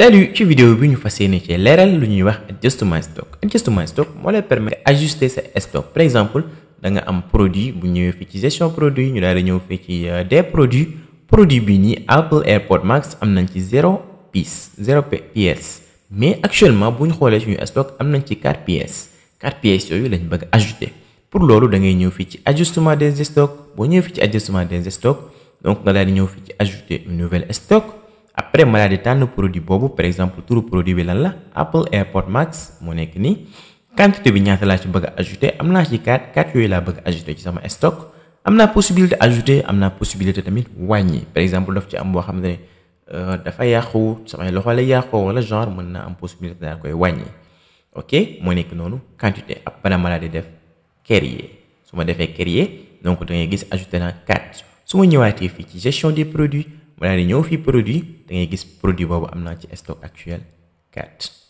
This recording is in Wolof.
Salut ci vidéo vous ñu fas yéene ci leeral lu ñuy wax adjust my stock adjust my stock moi, elle permettre ajuster ses stock par exemple da nga am produit bu ñëwee fait ci gestion produit ñu daal di ñëw ci euh, des produits produit bini Apple AirPods Max am ci zéro pièce zéro pièce mais actuellement vous ñu xoolee suñu stock am nañ ci quatre pièces quatre pièces yooyu lañ bëgg ajouter pour loolu da ngay ñëw fii ci ajustement des stocks boo ñëwee fii ci ajustement des stocks donc nga daal di ñëw ci ajouter une nouvelle stock après ma tànn produit boobu par exemple turu produit bi lan la Apple AirPod Max moo nekk nii quantité bi ñaata laa ci bëgg a ajouté am naa ci 4 4 yooyu laa bëgg a ci sama stock am naa possibilité ajouté am naa possibilité tamit wàññi par exemple daf ci am boo xam ne euh, dafa yàqu samay loxo la yàqoo wala genre mën naa am possibilité daal koy wàññi ok moo nekk noonu quantité après ma daal di def créer su ma defee créer donc da gis ajouté naa 4 su ma fii ci gestion des produits. mu daal di ñëw fii produit da ngay gis produit boobu am naa ci stock actuel 4